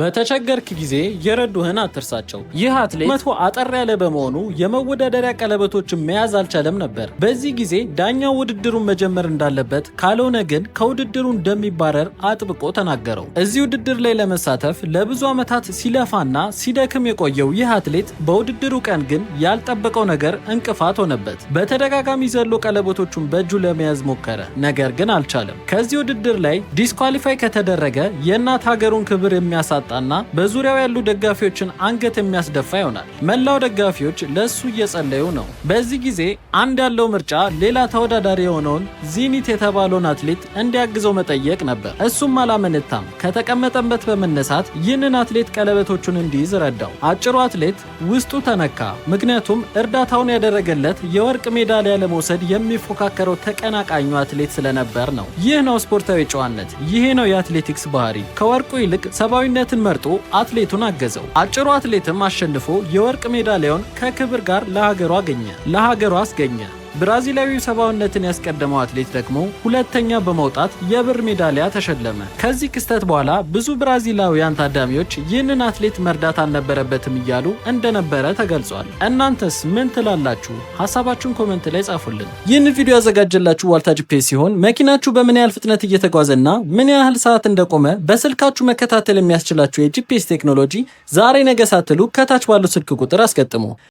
በተቸገርክ ጊዜ የረዱህን አትርሳቸው። ይህ አትሌት መቶ አጠር ያለ በመሆኑ የመወዳደሪያ ቀለበቶችን መያዝ አልቻለም ነበር። በዚህ ጊዜ ዳኛው ውድድሩን መጀመር እንዳለበት፣ ካልሆነ ግን ከውድድሩ እንደሚባረር አጥብቆ ተናገረው። እዚህ ውድድር ላይ ለመሳተፍ ለብዙ ዓመታት ሲለፋና ሲደክም የቆየው ይህ አትሌት በውድድሩ ቀን ግን ያልጠበቀው ነገር እንቅፋት ሆነበት። በተደጋጋሚ ዘሎ ቀለበቶቹን በእጁ ለመያዝ ሞከረ፣ ነገር ግን አልቻለም። ከዚህ ውድድር ላይ ዲስኳሊፋይ ከተደረገ የእናት ሀገሩን ክብር የሚያሳ የሚያንገላታና በዙሪያው ያሉ ደጋፊዎችን አንገት የሚያስደፋ ይሆናል። መላው ደጋፊዎች ለእሱ እየጸለዩ ነው። በዚህ ጊዜ አንድ ያለው ምርጫ ሌላ ተወዳዳሪ የሆነውን ዚኒት የተባለውን አትሌት እንዲያግዘው መጠየቅ ነበር። እሱም አላመነታም። ከተቀመጠበት በመነሳት ይህንን አትሌት ቀለበቶቹን እንዲይዝ ረዳው። አጭሩ አትሌት ውስጡ ተነካ። ምክንያቱም እርዳታውን ያደረገለት የወርቅ ሜዳሊያ ለመውሰድ የሚፎካከረው ተቀናቃኙ አትሌት ስለነበር ነው። ይህ ነው ስፖርታዊ ጨዋነት። ይሄ ነው የአትሌቲክስ ባህሪ። ከወርቁ ይልቅ ሰብአዊነት አትሌትን መርጦ አትሌቱን አገዘው። አጭሩ አትሌትም አሸንፎ የወርቅ ሜዳሊያውን ከክብር ጋር ለሀገሩ አገኘ ለሀገሩ አስገኘ። ብራዚላዊው ሰብአዊነትን ያስቀደመው አትሌት ደግሞ ሁለተኛ በመውጣት የብር ሜዳሊያ ተሸለመ። ከዚህ ክስተት በኋላ ብዙ ብራዚላውያን ታዳሚዎች ይህንን አትሌት መርዳት አልነበረበትም እያሉ እንደነበረ ተገልጿል። እናንተስ ምን ትላላችሁ? ሀሳባችሁን ኮመንት ላይ ጻፉልን። ይህን ቪዲዮ ያዘጋጀላችሁ ዋልታ ጂፒኤስ ሲሆን መኪናችሁ በምን ያህል ፍጥነት እየተጓዘና ምን ያህል ሰዓት እንደቆመ በስልካችሁ መከታተል የሚያስችላችሁ የጂፒኤስ ቴክኖሎጂ ዛሬ ነገ ሳትሉ ከታች ባለው ስልክ ቁጥር አስገጥሙ።